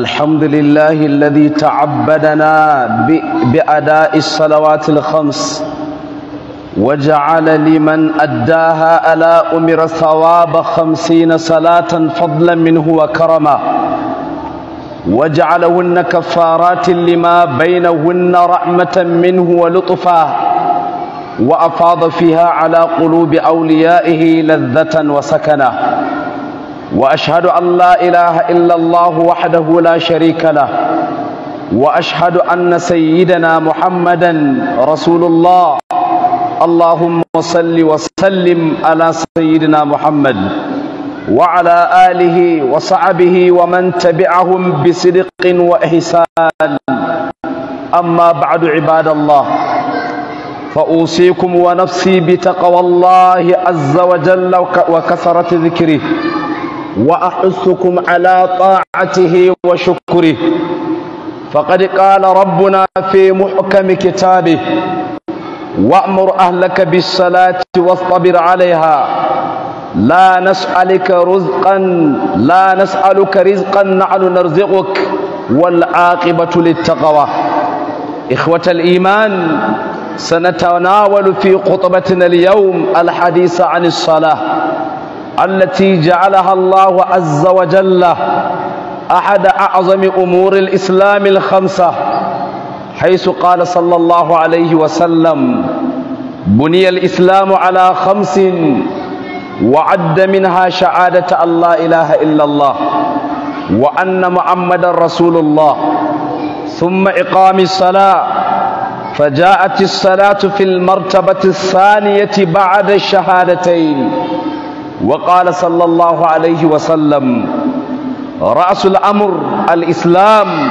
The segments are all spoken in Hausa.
الحمد لله الذي تعبدنا بأداء الصلوات الخمس وجعل لمن أداها ألا أمر ثواب خمسين صلاة فضلا منه وكرما وجعلهن كفارات لما بينهن رحمة منه ولطفا وأفاض فيها على قلوب أوليائه لذة وسكنا واشهد ان لا اله الا الله وحده لا شريك له واشهد ان سيدنا محمدا رسول الله اللهم صل وسلم على سيدنا محمد وعلى اله وصحبه ومن تبعهم بصدق واحسان اما بعد عباد الله فاوصيكم ونفسي بتقوى الله عز وجل وكثره ذكره وأحثكم على طاعته وشكره فقد قال ربنا في محكم كتابه وأمر أهلك بالصلاة واصطبر عليها لا نسألك رزقا لا نسألك رزقا نحن نرزقك والعاقبة للتقوى إخوة الإيمان سنتناول في خطبتنا اليوم الحديث عن الصلاة التي جعلها الله عز وجل أحد أعظم أمور الإسلام الخمسة حيث قال صلى الله عليه وسلم بني الإسلام على خمس وعد منها شعادة أن لا إله إلا الله وأن محمدا رسول الله ثم إقام الصلاة فجاءت الصلاة في المرتبة الثانية بعد الشهادتين وقال صلى الله عليه وسلم رأس الأمر الإسلام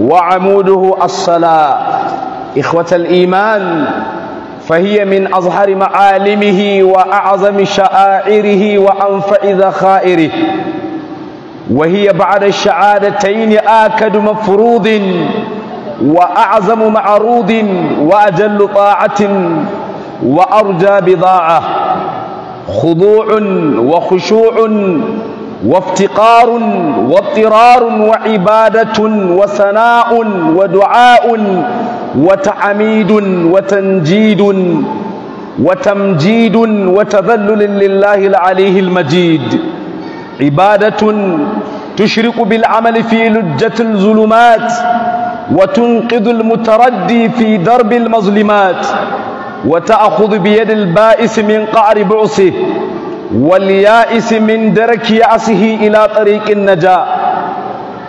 وعموده الصلاة إخوة الإيمان فهي من أظهر معالمه وأعظم شعائره وأنفع ذخائره وهي بعد الشعادتين آكد مفروض وأعظم معروض وأجل طاعة وأرجى بضاعة خضوع وخشوع وافتقار واضطرار وعبادة وثناء ودعاء وتعميد وتنجيد وتمجيد وتذلل لله العلي المجيد عبادة تشرك بالعمل في لجة الظلمات وتنقذ المتردي في درب المظلمات وتأخذ بيد البائس من قعر بعصه واليائس من درك يأسه إلى طريق النجاة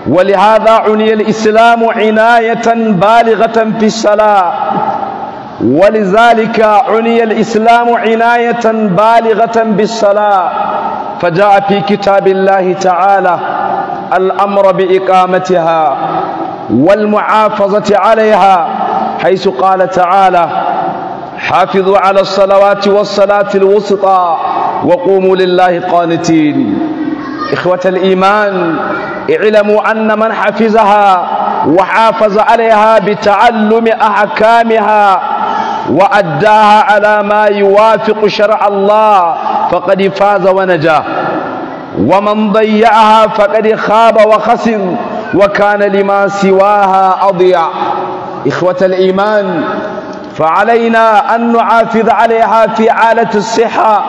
ولهذا عني الإسلام عناية بالغة في الصلاة ولذلك عني الإسلام عناية بالغة بالصلاة فجاء في كتاب الله تعالى الأمر بإقامتها والمعافظة عليها حيث قال تعالى حافظوا على الصلوات والصلاة الوسطى وقوموا لله قانتين إخوة الإيمان اعلموا أن من حفظها وحافظ عليها بتعلم أحكامها وأداها على ما يوافق شرع الله فقد فاز ونجا ومن ضيعها فقد خاب وخسر وكان لما سواها أضيع إخوة الإيمان فعلينا أن نعافظ عليها في عالة الصحة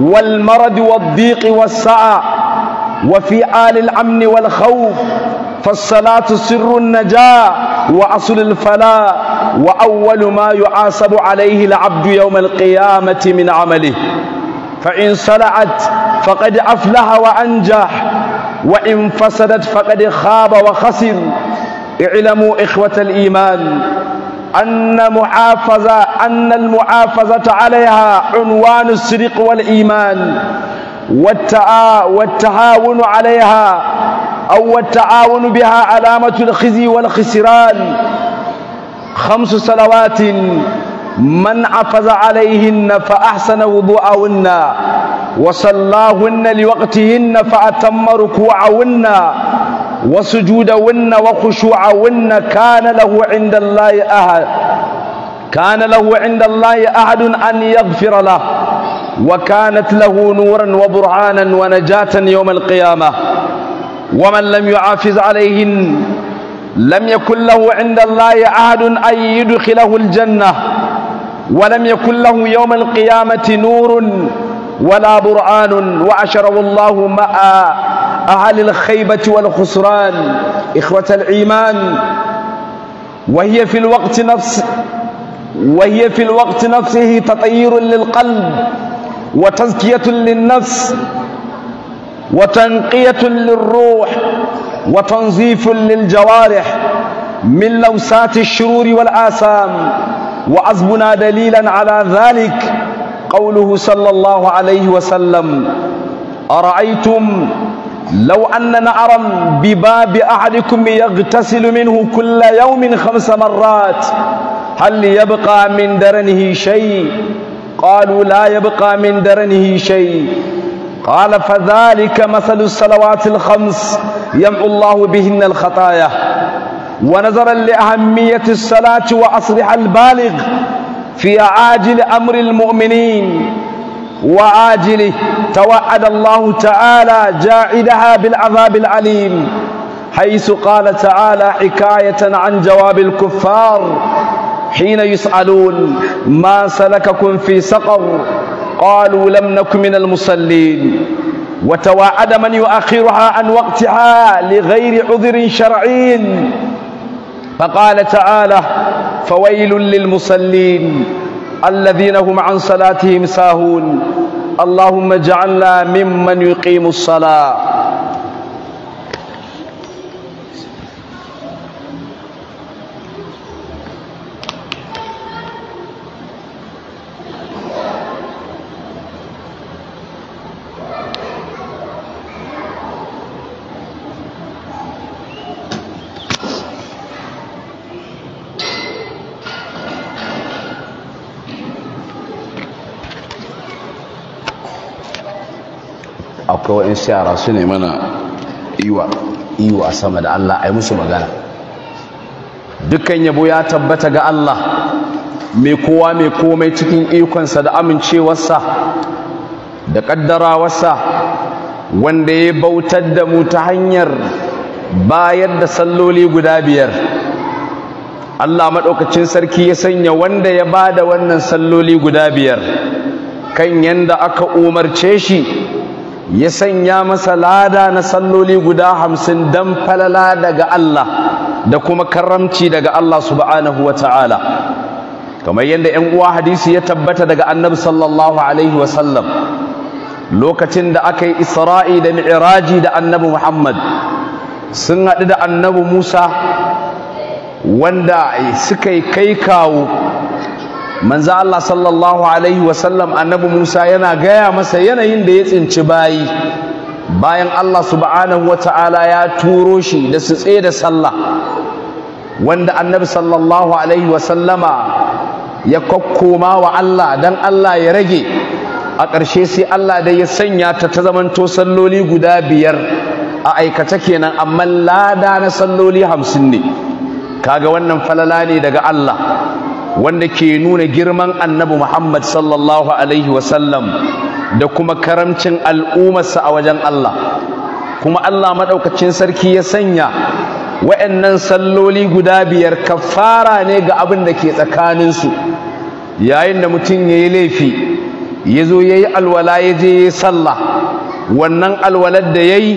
والمرض والضيق والسعى وفي آل الأمن والخوف فالصلاة سر النجاة وأصل الفلاء وأول ما يعاصب عليه العبد يوم القيامة من عمله فإن صلعت فقد أفلح وأنجح وإن فسدت فقد خاب وخسر اعلموا إخوة الإيمان أن محافظة أن المحافظة عليها عنوان الصدق والإيمان والتعا والتعاون عليها أو التعاون بها علامة الخزي والخسران خمس صلوات من حفظ عليهن فأحسن وضوءهن وصلاهن لوقتهن فأتم ركوعهن وسجود ون وخشوع ون كان له عند الله أحد كان له عند الله أحد أن يغفر له وكانت له نورا وبرهانا ونجاة يوم القيامة ومن لم يعافز عليهن لم يكن له عند الله أحد أن يدخله الجنة ولم يكن له يوم القيامة نور ولا برهان وعشره الله مع عن الخيبة والخسران إخوة الإيمان وهي في الوقت نفس وهي في الوقت نفسه تطير للقلب وتزكية للنفس وتنقية للروح وتنظيف للجوارح من لوسات الشرور والآثام وعزبنا دليلا على ذلك قوله صلى الله عليه وسلم أرأيتم لو أن نعرا بباب أحدكم يغتسل منه كل يوم خمس مرات هل يبقى من درنه شيء قالوا لا يبقى من درنه شيء قال فذلك مثل الصلوات الخمس يمحو الله بهن الخطايا ونظرا لأهمية الصلاة وأصلح البالغ في عاجل أمر المؤمنين وعاجله توعد الله تعالى جاعدها بالعذاب العليم حيث قال تعالى حكاية عن جواب الكفار حين يسألون ما سلككم في سقر قالوا لم نك من المصلين وتوعد من يؤخرها عن وقتها لغير عذر شرعي فقال تعالى فويل للمصلين الذين هم عن صلاتهم ساهون اللهم اجعلنا ممن يقيم الصلاة kawai in yara su ne mana iwa iwa sama da Allah ai musu magana dukkan yabo ya tabbata ga Allah mai kowa mai komai cikin ikonsa da amincewarsa da ƙaddarawarsa wanda ya bautar da mu ta hanyar bayar da salloli guda biyar Allah maɗaukacin sarki ya sanya wanda ya ba da wannan salloli guda biyar kan yanda aka umarce shi ya sanya masa lada na salloli guda hamsin don falala daga Allah da kuma karamci daga Allah subhanahu wa ta'ala kamar yadda ‘yan uwa hadisi ya tabbata daga annabi sallallahu alaihi lokacin da aka yi isra'i da mi'iraji da annabi muhammad sun haɗu da annabi musa wanda suka yi kai kawo manzo Allah sallallahu alaihi wasallam annabi Musa yana gaya masa yanayin da ya tsinci bayi bayan Allah subhanahu wata'ala ya turo shi da su tsaye da sallah wanda annabi sallallahu alaihi wasallama ya kokkoma wa Allah dan Allah ya rage a ƙarshe sai Allah da ya sanya ta ta zamanto salloli guda biyar a aikata kenan amma lada na salloli hamsin ne kaga wannan falala ne daga Allah wanda ke nuna girman annabi Muhammad sallallahu alaihi wasallam da kuma karamcin al'ummarsa a wajen Allah kuma Allah maɗaukacin sarki ya sanya wa'annan salloli guda biyar kafara ne ga abin da ke tsakaninsu yayin da mutum ya yi laifi ya zo ya yi alwala ya je ya yi sallah wannan alwalar da ya yi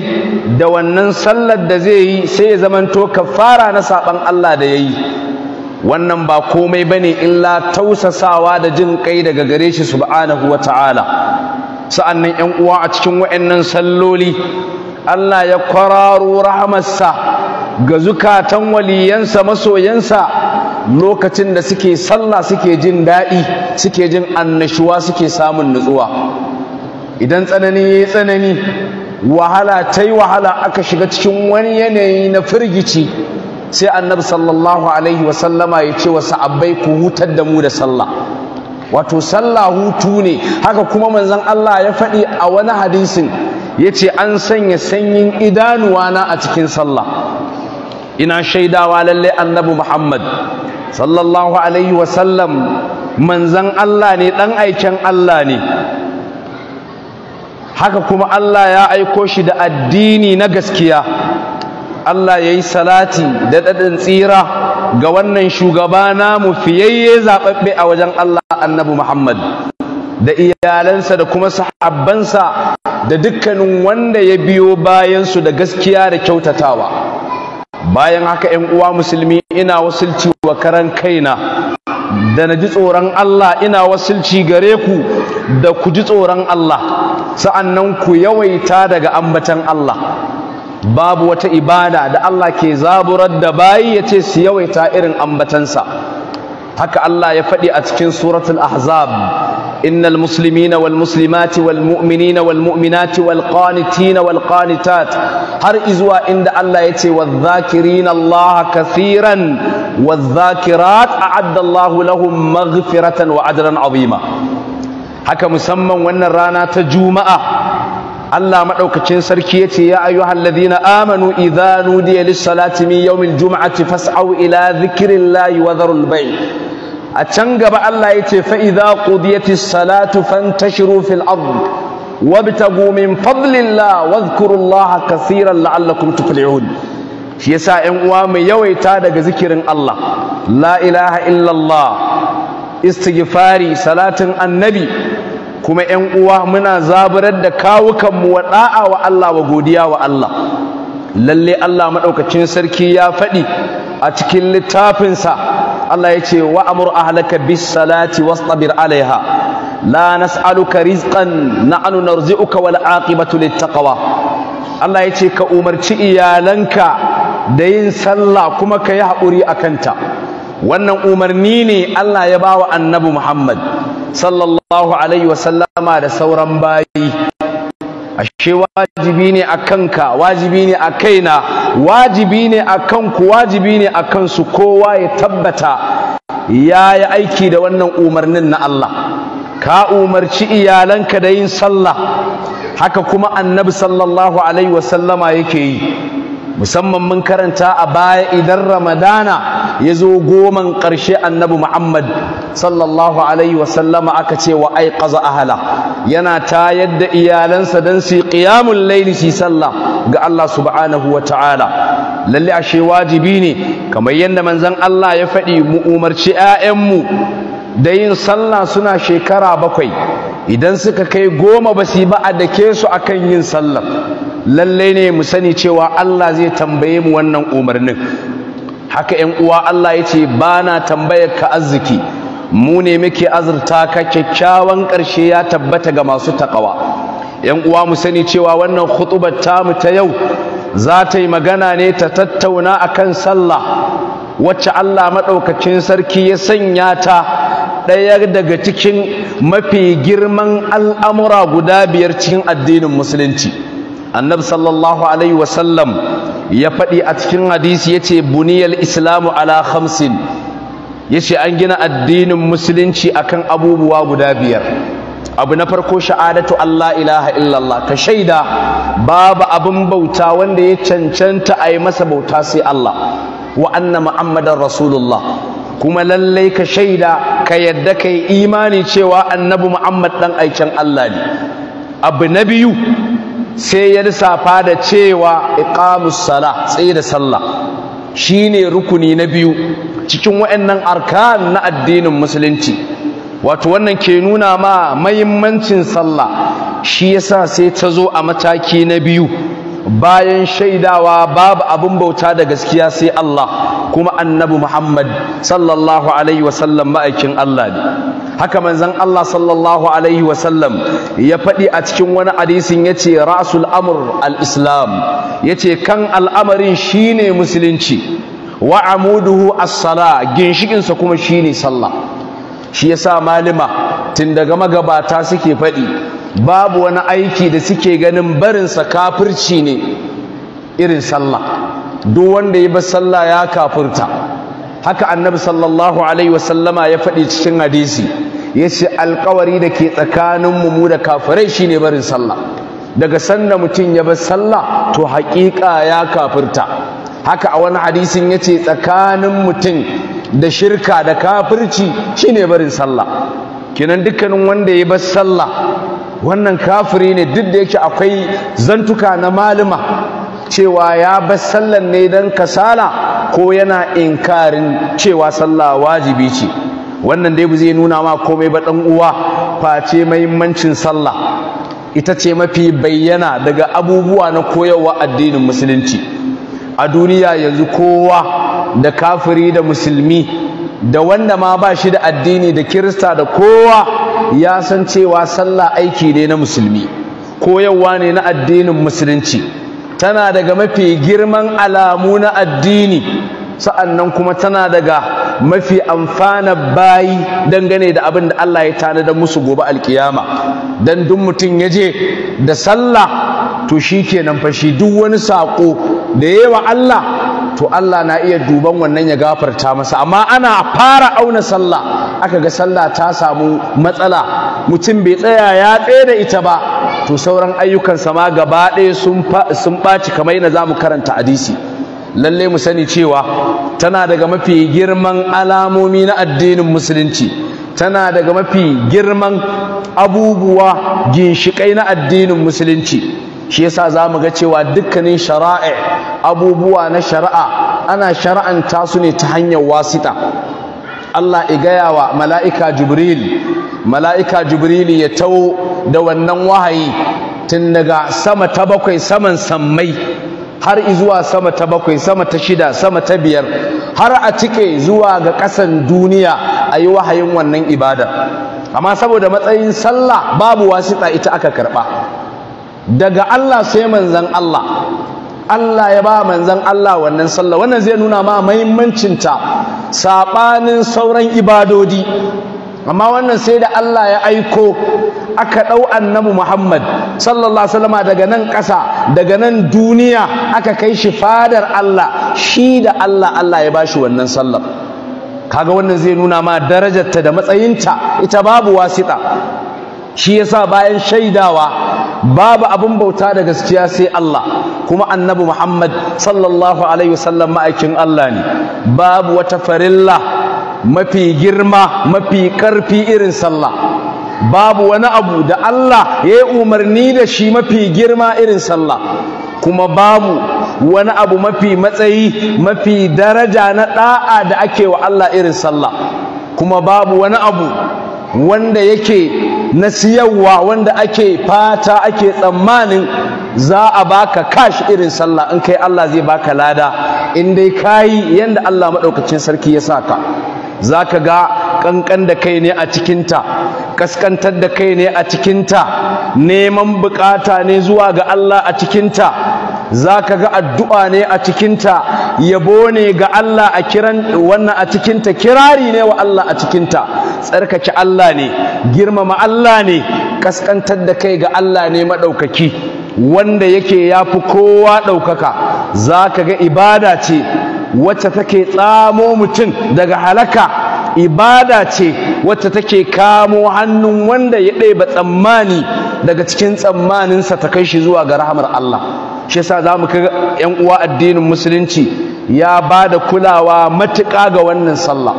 da wannan sallar da zai yi sai ya zamanto kafara na saɓan Allah da ya yi wannan ba komai bane illa tausasawa da jin kai daga gare shi subhanahu wata'ala sa'annan 'yan uwa a cikin wa'annan salloli Allah ya kwararo rahamarsa ga zukatan waliyansa masoyansa lokacin da suke sallah suke jin daɗi suke jin annashuwa suke samun nutsuwa idan tsanani ya tsanani wahala ta yi wahala aka shiga cikin wani yanayi na firgici sai annabi sallallahu alaihi wasallama ya ce wa sahabbai ku hutar da mu da sallah wato sallah hutu ne haka kuma manzon Allah ya faɗi a wani hadisin ya ce an sanya sanyin idanuwana a cikin sallah ina shaidawa lallai annabi muhammad sallallahu alaihi wasallam manzan Allah ne ɗan aiken Allah ne haka kuma Allah ya aiko shi da addini na gaskiya Allah ya yi salati da daɗin tsira ga wannan shugaba namu fiyayye zaɓaɓɓe a wajen Allah annabi Muhammad da iyalansa da kuma sahabbansa da dukkanin wanda ya biyo bayansu da gaskiya da kyautatawa bayan haka 'yan uwa musulmi ina wasulci wa karan kaina da na ji tsoron Allah ina wasulci gare ku da ku ji tsoron Allah sa'annan ku yawaita daga ambatan Allah babu wata ibada da Allah ke zaburar da bayi ya ce su yawaita irin ambatansa haka Allah ya faɗi a cikin suratul ahzab innal muslimina wal muslimati wal mu'minina wal mu'minati wal qanitina wal qanitat har izuwa inda Allah ya ce wadh-dhakirina Allah kathiran wadh-dhakirat a'adda Allah lahum maghfiratan wa ajran 'azima haka musamman wannan rana ta juma'a Allah maɗaukacin sarki yace ya ayyuhal ladina amanu idza nudiya lis salati min yawmil jum'ati fas'au ila dhikrillahi wa dharul bay' a can gaba Allah yace fa idza qudiyatis salatu fantashiru fil ard wabtagu min fadlillah wadhkurullaha kaseeran la'allakum tuflihun shi yasa 'yan uwa mai yawaita daga zikirin Allah la ilaha illallah istighfari salatin annabi kuma ƴan uwa muna zaburar da kawukanmu wa da'a wa Allah wa godiya wa Allah lalle Allah madaukakin sarki ya faɗi a cikin littafinsa Allah ya ce wa amur ahlaka bis salati wastabir alaiha la nas'aluka rizqan na'nu narzi'uka wal aqibatu littaqwa Allah ya ce ka umarci iyalanka da yin sallah kuma ka yi haƙuri a kanta wannan umarni ne Allah ya bawa annabi Muhammad sallallahu alaihi wasallama da sauran bayi ashe wajibi ne a kanka wajibi ne a kaina wajibi ne a kanku wajibi ne a kansu kowa ya tabbata ya yi aiki da wannan umarnin na Allah ka umarci iyalanka da yin sallah haka kuma annabi sallallahu alaihi wasallama yake yi musamman mun karanta a baya idan ramadana ya zo goman ƙarshe annabi muhammad sallallahu alaihi wasallama aka ce wa ai ƙaza ahala yana tayar da iyalansa don su yi ƙiyamun laili su sallah ga allah subhanahu wa ta'ala lalle ashe wajibi ne kamar yadda manzon allah ya faɗi mu umarci 'ya'yanmu da yin sallah suna shekara bakwai idan suka kai goma ba su ba a dake su akan yin sallar lalle ne mu sani cewa Allah zai tambaye mu wannan umarnin haka 'yan uwa Allah ya ce ba na tambayar ka arziki mu ne muke azurta ka kyakkyawan ƙarshe ya tabbata ga masu taƙawa Yan uwa mu sani cewa wannan khutubar mu ta yau za ta yi magana ne ta tattauna akan sallah wacce Allah maɗaukacin sarki ya sanya ta ɗaya daga cikin mafi girman al'amura guda biyar cikin addinin musulunci annabi sallallahu alaihi wasallam ya faɗi a cikin hadisi ya ce buniyar islamu ala hamsin ya ce an gina addinin musulunci akan abubuwa guda biyar abu na farko sha'adatu Allah ilaha illallah ka shaida babu abin bauta wanda ya cancanta a yi masa bauta sai Allah wa anna muhammadan rasulullah kuma lallai ka shaida ka yadda ka yi imani cewa annabi muhammad ɗan aikin allah ne abu na biyu sai ya lissafa da cewa iqamus sala tsaye da sallah shine rukuni na biyu cikin wa'annan arkan na addinin musulunci wato wannan ke nuna ma mahimmancin sallah shi yasa sai ta zo a mataki na biyu bayan shaidawa babu abin bauta da gaskiya sai Allah kuma annabi Muhammad sallallahu alaihi wasallam ma'aikin Allah ne haka manzon Allah sallallahu alaihi wasallam ya faɗi a cikin wani hadisin yace ra'sul amr al-islam yace kan al'amarin shine musulunci wa amuduhu as-sala ginshikin sa kuma shine sallah shi yasa malima tun daga magabata suke faɗi babu wani aiki da suke ganin barinsa kafirci ne irin sallah duk wanda ya bar sallah ya kafirta haka annabi sallallahu alaihi wasallama ya faɗi cikin hadisi ya ce alkawari da ke tsakanin mu da kafirai shine barin sallah daga sanda mutum ya bar sallah to haƙiƙa ya kafirta haka a wani hadisin ya ce tsakanin mutum da shirka da kafirci shine barin sallah kinan dukkanin wanda ya bar sallah wannan kafiri ne duk da yake akwai zantuka na malama. cewa ya bar sallan ne don kasala ko yana inkarin cewa sallah wajibi ce wannan dai zai nuna ma komai ba uwa face mahimmancin sallah ita ce mafi bayyana daga abubuwa na koyarwa addinin musulunci a duniya yanzu kowa da kafiri da musulmi da wanda ma ba shi da addini da kirista da kowa ya san cewa sallah aiki ne na musulmi koyarwa ne na addinin musulunci tana daga mafi girman alamu na addini sa'annan kuma tana daga mafi amfana bayi dangane da abin da Allah ya da musu gobe alkiyama dan duk mutum ya je da sallah to shi ke fa fashi duk wani sako da yawa Allah to Allah na iya duban wannan ya gafarta masa amma ana fara auna sallah aka ga sallah ta samu matsala mutum bai tsaya ya tsaye da ita ba to sauran ayyukansa ma gaba ɗaya sun baci kamar yana zamu karanta hadisi lalle mu sani cewa tana daga mafi girman alamomi na addinin musulunci tana daga mafi girman abubuwa ginshikai na addinin musulunci shi yasa za mu ga cewa dukkanin shara'i abubuwa na shara'a ana shara'anta su ne ta hanyar wasita Allah i gaya wa mala'ika Jibril mala'ika Jibril ya tawo da wannan wahayi tun daga sama ta bakwai saman sammai har zuwa sama ta bakwai sama ta shida sama ta biyar har a cike zuwa ga ƙasan duniya a yi wahayin wannan ibada amma saboda matsayin sallah babu wasita ita aka karɓa daga Allah sai manzan Allah Allah ya ba manzan Allah wannan sallah wannan zai nuna ma mahimmancinta saɓanin sauran ibadodi amma wannan sai da Allah ya aiko aka ɗau annabi Muhammad sallallahu alaihi wasallam daga nan ƙasa daga nan duniya aka kai shi fadar Allah shi da Allah Allah ya bashi wannan sallar kaga wannan zai nuna ma darajarta da matsayinta ita babu wasita shi yasa bayan shaidawa babu abin bauta da gaskiya sai Allah kuma annabi Muhammad sallallahu alaihi wasallam ma'aikin Allah ne babu wata farilla mafi girma mafi karfi irin sallah babu wani abu da Allah ya yi umarni da shi mafi girma irin sallah kuma babu wani abu mafi matsayi mafi daraja na da'a da ake wa Allah irin sallah kuma babu wani abu wanda yake na siyarwa wanda ake fata ake tsammanin za a baka kashi irin sallah in kai Allah zai baka lada in dai kayi yadda Allah maɗaukacin sarki ya sa saka zaka ga kankan da kai ne a cikinta kaskantar da kai ne a cikinta neman bukata ne zuwa ga Allah a cikinta za ka ga addu'a ne a cikinta yabo ne ga Allah a kiran wannan a cikinta kirari ne wa Allah a cikinta tsarkaki Allah ne girmama Allah ne kaskantar da kai ga Allah ne maɗaukaki wanda yake ya fi kowa ɗaukaka za ka ga ibada ce wacce take tsamo mutum daga halaka ibada ce wacce take kamo hannun wanda ya ɗeba tsammani daga cikin tsammaninsa ta kai shi zuwa ga rahamar Allah shi yasa zamu kaga yan uwa addinin musulunci ya ba da kulawa matuƙa ga wannan sallah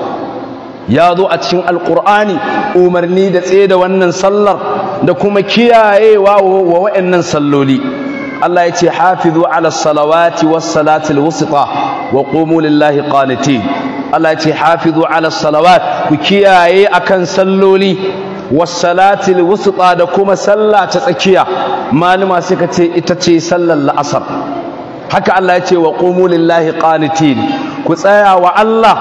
ya zo a cikin alƙur'ani umarni da tsaye da wannan sallar da kuma kiyayewa wa wa'annan salloli Allah ya ce hafizu ala salawati was salatil wusta wa qumu lillahi qanitin Allah ya ce hafizu ala salawat ku kiyaye akan salloli wasalatil wusuɗa da kuma sallah ta tsakiya malama suka ce ita ce sallar la'asar haka Allah ya ce wa qumu lillahi qanitin ku tsaya wa Allah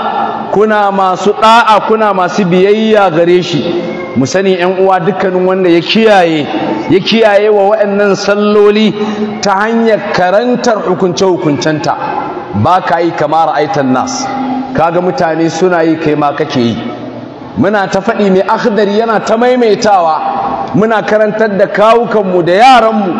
kuna masu ɗa'a, kuna masu biyayya gare shi mu sani ƴan uwa dukkanin wanda ya kiyaye ya kiyaye wa waɗannan salloli ta hanyar karantar hukunce hukuncenta ba ka yi kama aitan nas kaga mutane suna yi kai ma kake yi muna ta fadi mai akhdari yana ta maimaitawa muna karantar da kawukan mu da yaran mu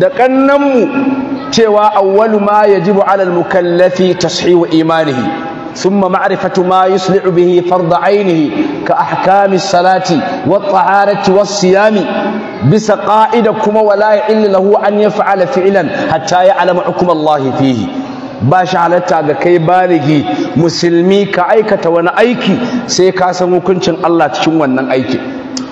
da kannan mu cewa awwalu ma yajibu ala al-mukallafi tashihu imanihi thumma ma'rifatu ma yuslihu bihi fard ainihi ka ahkami salati wat taharati was siyami bisa qa'ida kuma wala illa lahu an yaf'ala fi'lan hatta ya'lama hukm Allah fihi ba shi halatta ga kai baligi musulmi ka aikata wani aiki sai ka san hukuncin Allah cikin wannan aiki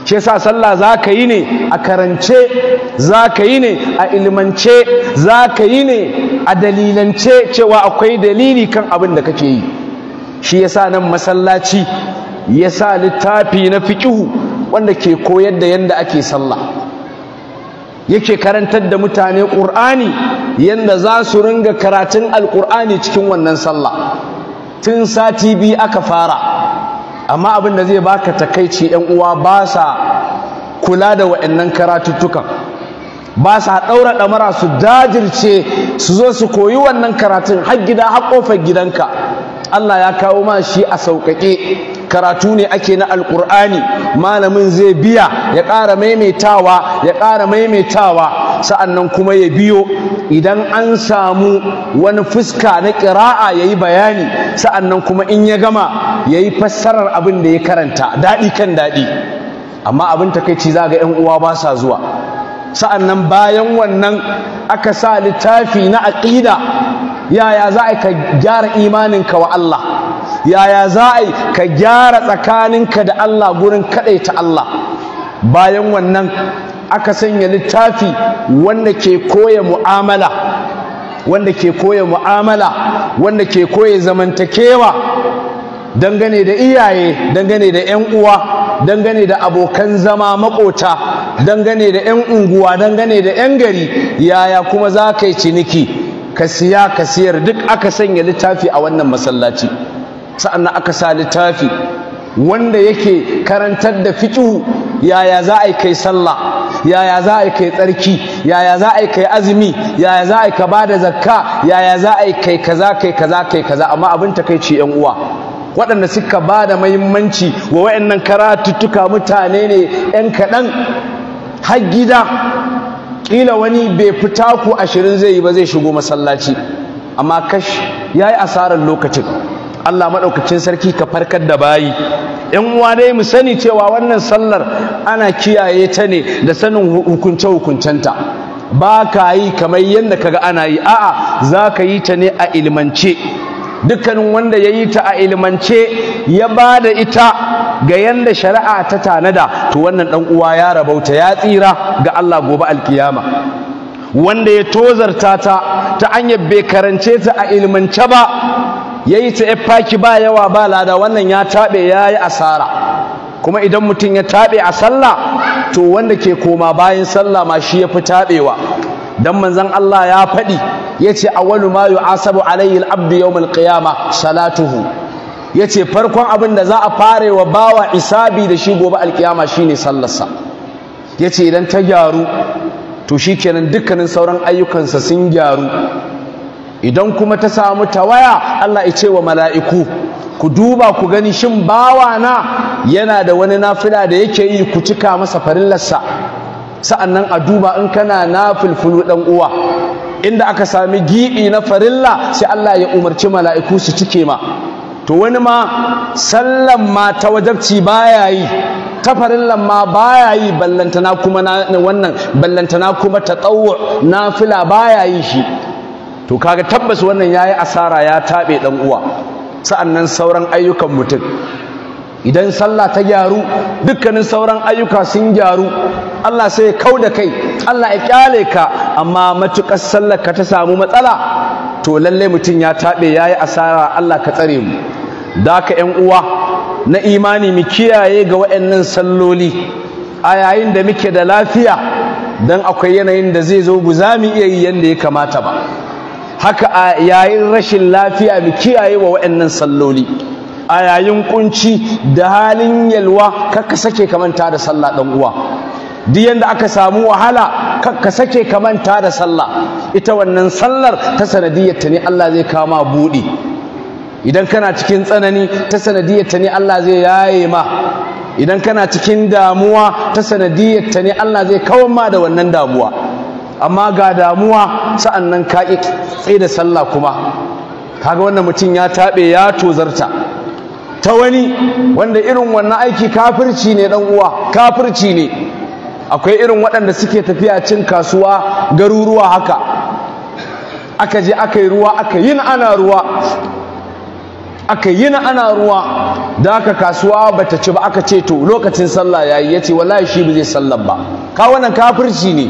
shi yasa sallah za ka yi ne a karance za ka yi ne a ilmance za ka yi ne a dalilance cewa akwai dalili kan abin da kake yi shi yasa nan masallaci ya sa littafi na fiƙihu wanda ke koyar da yanda ake sallah yake karantar da mutane ƙur'ani yadda za su ringa karatun alƙur'ani cikin wannan sallah tun sati biyu aka fara amma abin da zai baka takaici yan uwa ba sa kula da wa'annan karatuttukan ba sa ɗaura ɗamara su dajirce su zo su koyi wannan karatun har gida har ƙofar gidanka Allah ya kawo ma shi a sauƙaƙe karatu ne ake na alkur'ani malamin zai biya ya ƙara maimaitawa ya ƙara maimaitawa sa'annan kuma ya biyo idan an samu wani fuska na ƙira'a ya yi bayani sa'annan kuma in ya gama ya yi fassarar abin da ya karanta daɗi kan daɗi amma abin takaici za ga 'yan uwa ba sa zuwa sa'annan bayan wannan aka sa littafi na aƙida yaya za a ka gyara imaninka wa Allah yaya za a yi ka gyara tsakaninka da Allah gurin ta Allah bayan wannan aka sanya littafi wanda ke koya mu'amala wanda ke koya mu'amala wanda ke koya zamantakewa dangane da iyaye dangane da 'yan uwa dangane da abokan zama makota dangane da 'yan unguwa dangane da 'yan gari yaya kuma za ka yi ciniki ka siya ka siyar duk aka sanya littafi a wannan masallaci sa'annan aka sa littafi wanda yake karantar da fiƙi yaya za a yi kai sallah yaya za a yi kai tsarki yaya za a yi kai azumi yaya za a yi ka ba da zakka yaya za a yi kai kaza kai kaza kai kaza amma abin takaici yan uwa waɗanda suka ba da mahimmanci wa wayannan karatuttuka mutane ne yan kaɗan har gida ƙila wani bai fita ku ashirin zai yi ba zai shigo masallaci amma kash ya yi asarar lokacin Allah maɗaukacin sarki ka farkar da bayi yan uwa dai mu sani cewa wannan sallar ana kiyaye ta ne da sanin hukunce hukuncenta ba ka yi kamar yadda kaga ana yi a'a za ka yi ta ne a ilmance dukkanin wanda ya yi ta a ilmance ya ba da ita ga yadda shari'a ta tanada to wannan ɗan uwa ya rabauta ya tsira ga Allah gobe alkiyama wanda ya tozarta ta ta hanyar bai karance ta a ilmance ba ya yi ta faki ba yawa ba lada wannan ya taɓe ya yi asara kuma idan mutum ya taɓe a sallah to wanda ke koma bayan sallah ma shi ya fi taɓewa don manzan Allah ya faɗi ya ce awwalu ma yu'asabu alayhi al-abdu yawm qiyama salatuhu ya ce farkon abin da za a fare wa bawa isabi da shi gobe alkiyama shine sallarsa ya ce idan ta gyaru to shi kenan dukkanin sauran ayyukansa sun gyaru idan kuma ta samu tawaya Allah ya ce wa mala'iku ku duba ku gani shin bawa na yana da wani nafila da yake yi ku cika masa farillarsa sa'annan a duba in kana nafilfulu dan uwa inda aka sami gibi na farilla sai Allah ya umarci mala'iku su cike ma to wani ma sallan ma ta wajabci baya yi ta farillan ma baya yi ballantana kuma na wannan ballantana kuma tatawwu nafila baya yi shi to kaga tabbas wannan yayi asara ya tabe dan uwa sa'annan sauran ayyukan mutum idan sallah ta gyaru dukkanin sauran ayyuka sun gyaru Allah sai ya kau da kai Allah ya kyale ka amma matukar sallar ka ta samu matsala to lalle mutum ya tabe yayi asara Allah ka tsare mu daka yan uwa na imani mu kiyaye ga waɗannan salloli a yayin da muke da lafiya dan akwai yanayin da zai zo bu za mu iya yi yanda ya kamata ba haka a yayin rashin lafiya mu kiyaye wa waɗannan salloli a yayin kunci da halin yalwa kakka sake kamanta da sallah ɗan uwa duk yanda aka samu wahala kakka sake kamanta da sallah ita wannan sallar ta sanadiyyarta ne Allah zai kama buɗe. idan kana cikin tsanani ta sanadiyyarta ne Allah zai yaye ma idan kana cikin damuwa ta sanadiyyarta ne Allah zai kawar ma da wannan damuwa amma ga damuwa sa'annan ka ƙi tsaye da sallah kuma kaga wannan mutum ya taɓe ya tozarta ta wani wanda irin wannan aiki kafirci ne dan uwa kafirci ne akwai irin waɗanda suke tafiya cin kasuwa garuruwa haka aka je aka yi ruwa aka yin ana ruwa aka yi na ana ruwa da aka kasuwa bata ci ba aka ce to lokacin sallah yayi yace wallahi shi ba zai sallar ba ka wannan kafirci ne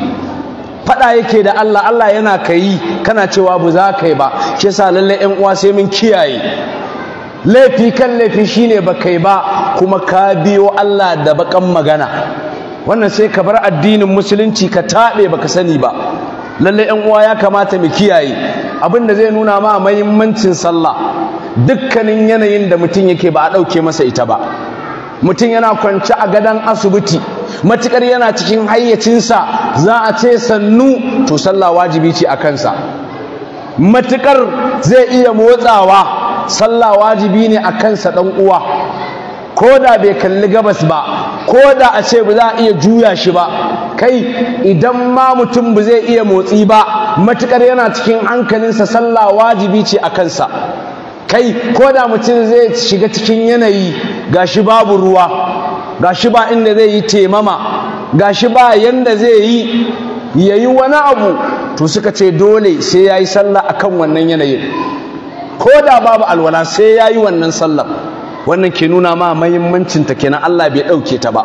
faɗa yake da Allah Allah yana ka kana cewa bu za ka yi ba shi sa lallai 'yan uwa sai mun kiyaye laifi kan laifi shine ba kai ba kuma ka biyo Allah da bakan magana wannan sai ka bar addinin musulunci ka taɓe baka sani ba lallai 'yan uwa ya kamata mu kiyaye abin da zai nuna ma muhimmancin sallah dukkanin yanayin da mutum yake ba a ɗauke masa ita ba mutum yana kwance a gadon asibiti matukar yana cikin hayyacinsa za a ce sannu to sallah wajibi ce a kansa matukar zai iya motsawa sallah wajibi ne a kansa dan uwa ko da bai kalli gabas ba ko da a ce ba za a iya juya shi ba kai idan ma mutum ba zai iya motsi ba matukar yana cikin hankalinsa sallah wajibi ce a kansa kai ko da mutum zai shiga cikin yanayi gashi babu ruwa gashi ba inda zai yi temama gashi ba yanda zai yi yayi wani abu to suka ce dole sai ya yi sallah akan wannan yanayin ko da babu alwala sai ya yi wannan sallah wannan ke nuna ma mahimmancin ta kenan Allah bai ɗauke ta ba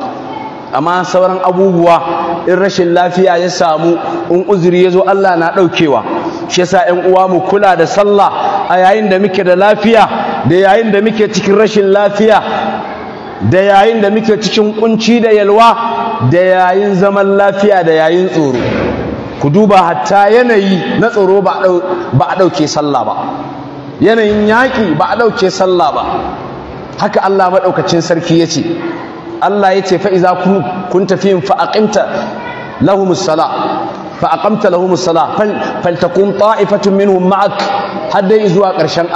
amma sauran abubuwa in rashin lafiya ya samu in uzuri ya zo Allah na ɗaukewa. shi yasa ƴan uwa mu kula da sallah a yayin da muke da lafiya da yayin da muke cikin rashin lafiya da yayin da muke cikin kunci da yalwa da yayin zaman lafiya da yayin tsoro ku duba hatta yanayi na tsoro ba a ɗauke sallah ba yanayin yaƙi ba a ɗauke sallah ba haka Allah maɗaukacin sarki ya ce Allah ya ce fa'iza kun tafiyin fa'aƙimta lahumus sala فأقمت لهم الصلاة فلتقوم طائفة har dai حتى إذوا قرشان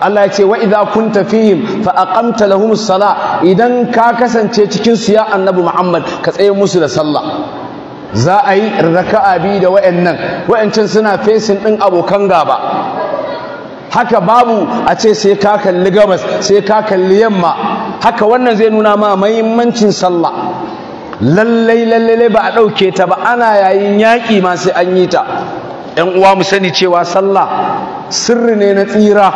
Allah ya ce wa idza kunta fihim fa aqamta lahumus sala idan ka kasance cikin su ya annabi Muhammad ka tsaye musu da sallah za a yi raka'a bi da wayannan wayancin suna fesin din abokan gaba haka babu a ce sai ka kalli gabas sai ka kalli yamma haka wannan zai nuna ma muhimmancin sallah lallai lallai ba a ɗauke ta ba ana yayin yaƙi ma sai an yi ta ‘yan uwa mu sani cewa sallah sirri ne na tsira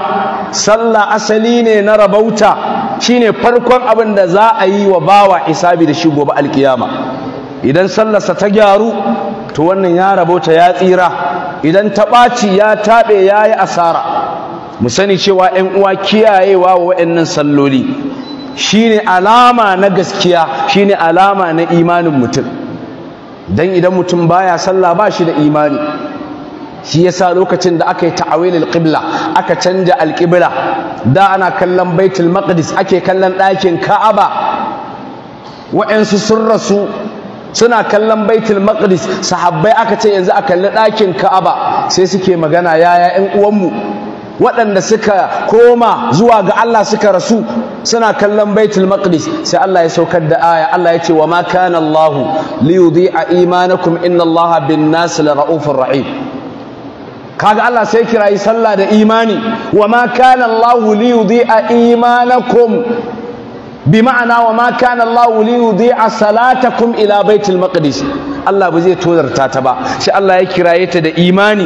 sallah asali ne na rabauta shine farkon abin da za a yi wa bawa isabi da shi gobe alkiyama idan sallarsa ta gyaru to wannan ya rabauta ya tsira idan ta ɓaci ya taɓe ya yi asara mu sani cewa ‘yan uwa kiyayewa wa waɗannan salloli shine alama na gaskiya shine alama na imanin mutum dan idan mutum baya sallah ba shi da imani shi yasa lokacin da aka yi ta'awilul qibla aka canja al da ana kallon baitul maqdis ake kallon ɗakin ka'aba wa'ansu sun rasu suna kallon baitul maqdis sahabbai aka ce yanzu a kalli ɗakin ka'aba sai suke magana yaya ƴan uwanmu waɗanda suka koma zuwa ga Allah suka rasu suna kallon baitul maqdis sai Allah ya saukar da aya Allah ya ce wa ma kana Allah li yudhi'a imanakum inna Allaha bin nas la ra'ufur rahim kaga Allah sai kirayi sallah da imani wa ma kana Allah li yudhi'a imanakum bi wa ma kana Allah li yudhi'a salatakum ila baitul maqdis Allah ba zai tozarta ta ba shi Allah ya kiraye ta da imani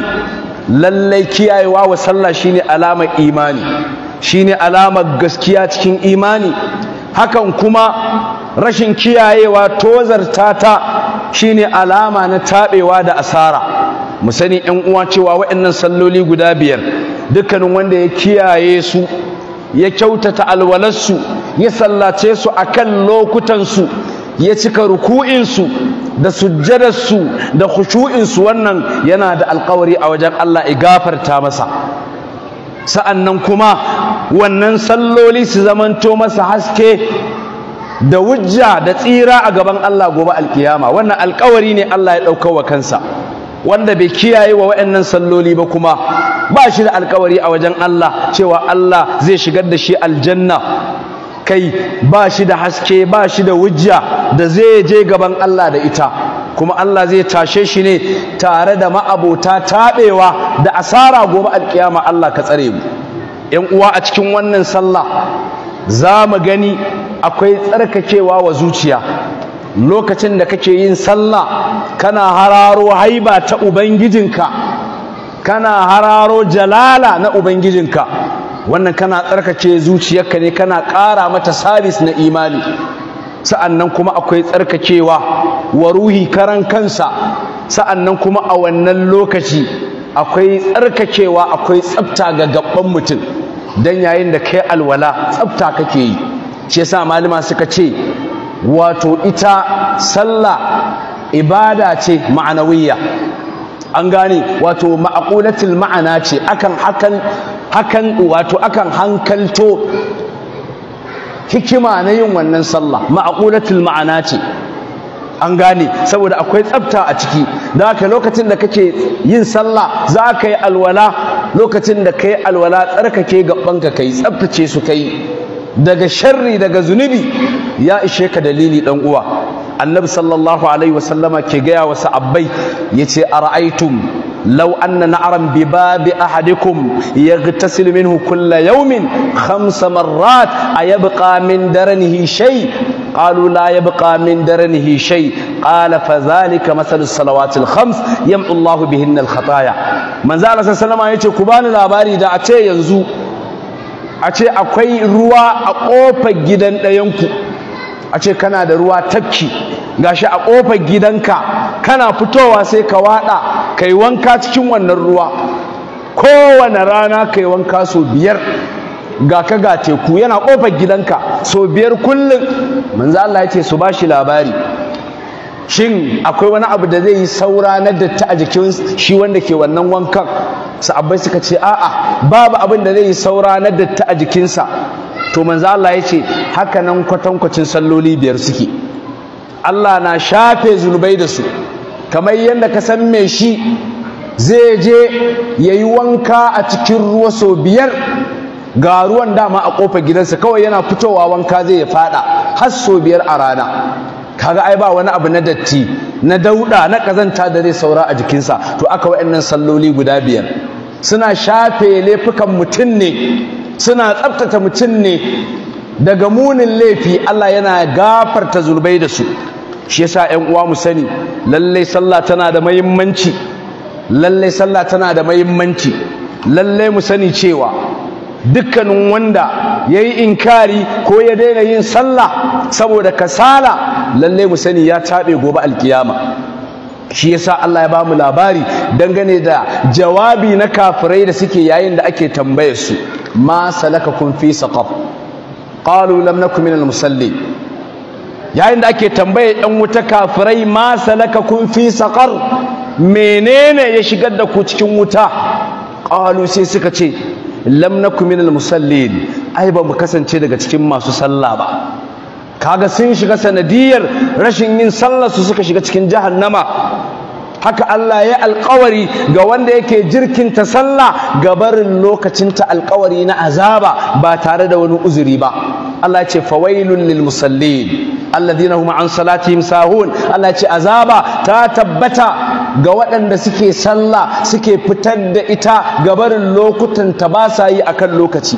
lallai kiyayewa wa sallah shine alamar imani shine alamar gaskiya cikin imani hakan kuma rashin kiyayewa tozarta ta shine alama na tabewa da asara mu sani 'yan uwa cewa waɗannan salloli guda biyar dukkanin wanda ya kiyaye su ya kyautata alwalarsu ya sallace su kan lokutansu ya cika ruku'insu da sujjadarsu da khushu'insu wannan yana da alkawari a wajen Allah ya gafarta masa Sa'an nan kuma wannan salloli su zamanto masa haske da wujja da tsira a gaban Allah gobe alkiyama wannan alkawari ne Allah ya ɗauka wa kansa wanda bai kiyaye wa wa'annan salloli ba kuma ba shi da alkawari a wajen Allah cewa Allah zai shigar da shi aljanna kai ba shi da haske ba shi da wujja da zai je gaban Allah da ita kuma Allah zai tashe shi ne tare da ma'abota taɓewa da asara gobe alkiyama Allah ka tsare mu ‘yan uwa a cikin wannan sallah za mu gani akwai tsarkakewa wa zuciya lokacin da kake yin sallah kana hararo haiba ta ubangijinka kana hararo jalala na ubangijinka wannan kana tsarkake zuciyarka ne kana ƙara mata sabis na imani sa'annan kuma akwai tsarkakewa wa ruhi karan kansa sa'annan kuma a wannan lokaci akwai tsarkakewa akwai tsafta ga gaban mutum dan yayin da kai alwala tsafta kake yi shi yasa malama suka ce wato ita sallah ibada ce ma'anawiyya an gane wato ma'aqulatul ma'ana ce akan hakan hakan wato akan hankalto hikima na yin wannan sallah ma'aqulatul ma'ana ce an gane saboda akwai tsafta a ciki da haka lokacin da kake yin sallah za ka yi alwala lokacin da ka yi alwala tsarkake gabanka kai tsaftace su kai daga sharri daga zunubi يا إشيك دليلي لنقوة النبي صلى الله عليه وسلم كي وسا وسأبي يتي أرأيتم لو أن نعرا بباب أحدكم يغتسل منه كل يوم خمس مرات أيبقى من درنه شيء قالوا لا يبقى من درنه شيء قال فذلك مثل الصلوات الخمس يمحو الله بهن الخطايا من زال صلى الله عليه وسلم كبان الأباري دا أتي ينزو أتي أكوي روا أقوب جدا لينكو a ce kana da ruwa tafki gashi a kofar gidanka kana fitowa sai ka waɗa ka yi wanka cikin wannan ruwa kowane rana ka yi wanka sau biyar ga ka ga teku yana ƙofar gidanka so biyar kullum manzo Allah ya ce su ba shi labari shin akwai wani abu da zai yi saura na datti a jikin shi wanda ke wannan wankan sahabbai suka ce a'a babu abin da zai yi saura na datti a jikinsa to manzo Allah ya ce haka nan kwatankwacin salloli biyar suke Allah na shafe zunubai da su kamar yadda ka san me shi zai je ya yi wanka a cikin ruwa sau biyar ga ruwan dama a ƙofar gidansa kawai yana fitowa wanka zai ya fada har sau biyar a rana kaga ai ba wani abu na datti na dauda na kazanta da zai saura a jikinsa to aka wa'annan salloli guda biyar suna shafe laifukan mutum ne suna tsabtata mutum ne daga munin laifi Allah yana gafarta zunubai da su shi yasa ƴan uwa mu sani lalle sallah tana da mahimmanci. Lallai sallah tana da mahimmanci. Lallai mu sani cewa dukkanin wanda yayi inkari ko ya daina yin sallah saboda kasala lallai mu sani ya taɓe gobe alkiyama shi yasa Allah ya bamu labari dangane da jawabi na kafirai da suke yayin da ake tambayar su ma salakakum fi saqaf qalu lam nakum minal yayin da ake tambaye ɗan wuta kafirai ma kun fi saƙar, menene ya shigar da ku cikin wuta Ƙalu sai suka ce lam nakum minal musallin ai ba mu kasance daga cikin masu sallah ba kaga sun shiga sanadiyar rashin yin sallar su suka shiga cikin jahannama haka Allah ya alkawari ga wanda yake jirkinta sallah ga barin lokacinta alkawari na azaba ba tare da wani uzuri ba Allah ya ce fawailun lil musallin alladhina hum an salatihim sahun Allah ya ce azaba ta tabbata ga waɗanda suke sallah suke fitar da ita ga barin lokutan ta ba sa yi akan lokaci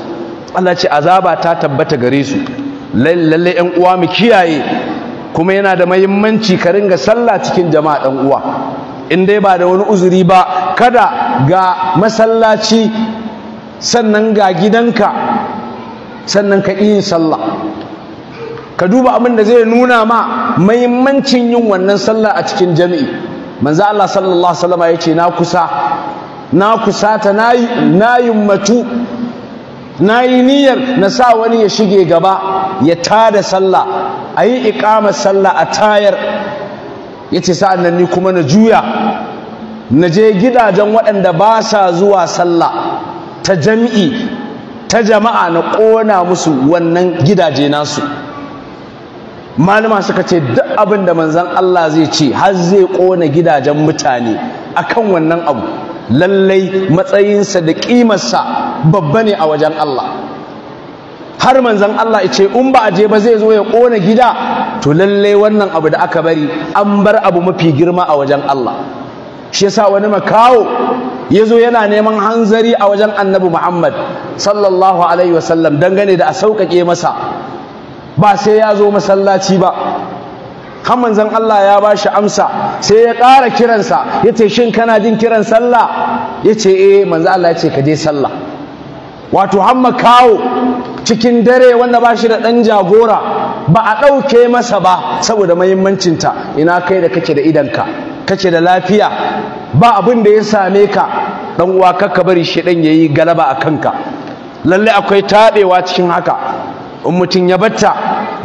Allah ce azaba ta tabbata gare su lalle yan uwa mu kiyaye kuma yana da muhimmanci ka ringa sallah cikin jama'a ɗan uwa in dai ba da wani uzuri ba kada ga masallaci sannan ga gidanka sannan ka yin sallah ka duba abin da zai nuna ma mahimmancin yin wannan sallah a cikin jami'i manzo Allah sallallahu alaihi wasallam yace na kusa na kusata nayi nayi matu nayi niyyar na sa wani ya shige gaba ya tada sallah ayi iqamar sallah a tayar ya ce sa'an nan ni kuma na juya na je gidajen waɗanda ba sa zuwa sallah ta jam'i ta jama'a na ƙona musu wannan gidaje nasu malama suka ce duk abin da manzan Allah zai ce har zai ƙona gidajen mutane akan wannan abu lallai matsayinsa da ƙimarsa babba ne a wajen Allah har manzan Allah ya ce in ba a je ba zai zo ya ƙona gida to lalle wannan abu da aka bari an bar abu mafi girma a wajen Allah shi yasa wani makawo ya zo yana neman hanzari a wajen annabi Muhammad sallallahu alaihi wasallam dangane da a sauƙaƙe masa ba sai ya zo masallaci ba har manzan Allah ya ba shi amsa sai ya ƙara kiransa ya ce shin kana jin kiran sallah ya ce eh manzan Allah ya ka je sallah wato hamma kawo cikin dare wanda ba shi da ɗan jagora ba a ɗauke masa ba saboda mahimmancinta ina kai da kake da idanka kake da lafiya ba abin da ya same ka ɗan uwa kakka bari shi ɗan ya yi galaba a kanka lallai akwai taɓewa cikin haka in mutum ya batta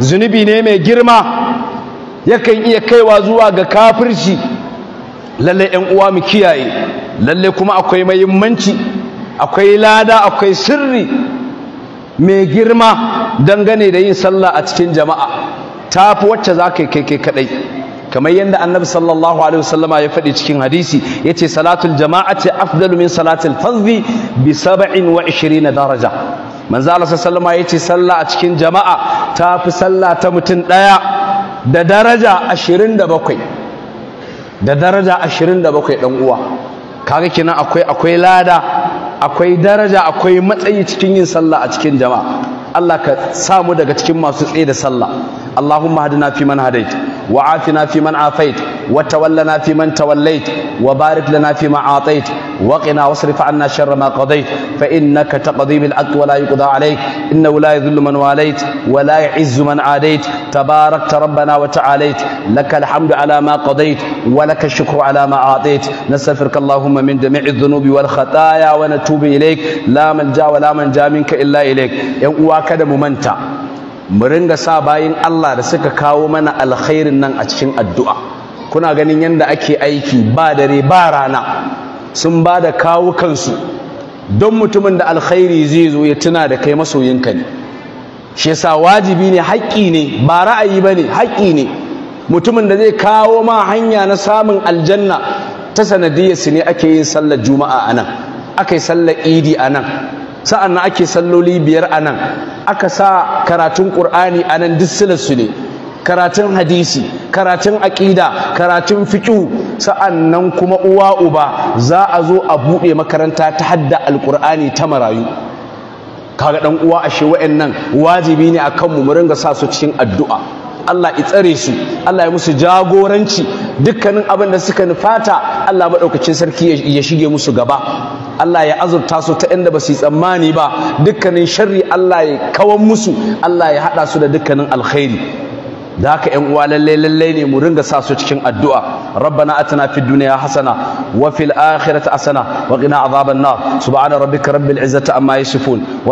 zunubi ne mai girma yakan iya kaiwa zuwa ga kafirci lallai 'yan uwa mu kiyaye lallai kuma akwai mahimmanci akwai lada akwai sirri mai girma dangane da yin sallah a cikin jama'a tafi wacce za ka yi kai kai kadai kamar yadda annabi sallallahu alaihi wasallama ya faɗi cikin hadisi ya ce salatul ce afdalu min salatul fadhi bi saba'in wa ishirina daraja manzo Allah sallallahu ya ce sallah a cikin jama'a ta fi sallah ta mutum ɗaya da daraja ashirin da bakwai da daraja ashirin da bakwai ɗan uwa kaga kenan akwai akwai lada akwai daraja akwai matsayi cikin yin sallah a cikin jama'a Allah ka samu daga cikin masu tsaye da sallah Allahumma hadina fi man hadait wa afina fi man afait وتولنا فيمن توليت وبارك لنا فيما أعطيت وقنا واصرف عنا شر ما قضيت فإنك تقضي بالعدل ولا يقضى عليك إنه لا يذل من واليت ولا يعز من عاديت تباركت ربنا وتعاليت لك الحمد على ما قضيت ولك الشكر على ما أعطيت نستغفرك اللهم من جميع الذنوب والخطايا ونتوب إليك لا من جاء ولا من جاء منك إلا إليك ان كذا ممنتا mu سابعين الله bayin Allah الخير suka kawo mana cikin addu'a kuna ganin yadda ake aiki ba dare ba rana sun ba da kawo kansu don mutumin da alkhairi zai zo ya tuna da kai masoyinka ne shi yasa wajibi ne haƙƙi ne ba ra'ayi ba ne haƙƙi ne mutumin da zai kawo ma hanya na samun aljanna ta sanadiyarsu su ne ake yin sallar juma'a a nan aka yi sallar idi a nan sa'an na ake salloli biyar a nan aka sa karatun ƙur'ani a nan duk su ne karatun hadisi karatun aƙida karatun fiƙu sa'annan kuma uwa uba za a zo a buɗe makaranta ta hadda alƙur'ani ta marayu kaga ɗan uwa ashe wa'annan wajibi ne a kanmu mu ringa sa su cikin addu'a Allah ya tsare su Allah ya musu jagoranci dukkanin abin da suka nufata Allah maɗaukacin sarki ya shige musu gaba Allah ya azurta su ta inda ba su yi tsammani ba dukkanin sharri Allah ya kawan musu Allah ya haɗa su da dukkanin alkhairi ذاك إن واللليل الليل مرنج ساسو تشين الدعاء ربنا أتنا في الدنيا حسنة وفي الآخرة حسنة وقنا عذاب النار سبحان ربك رب العزة أما يصفون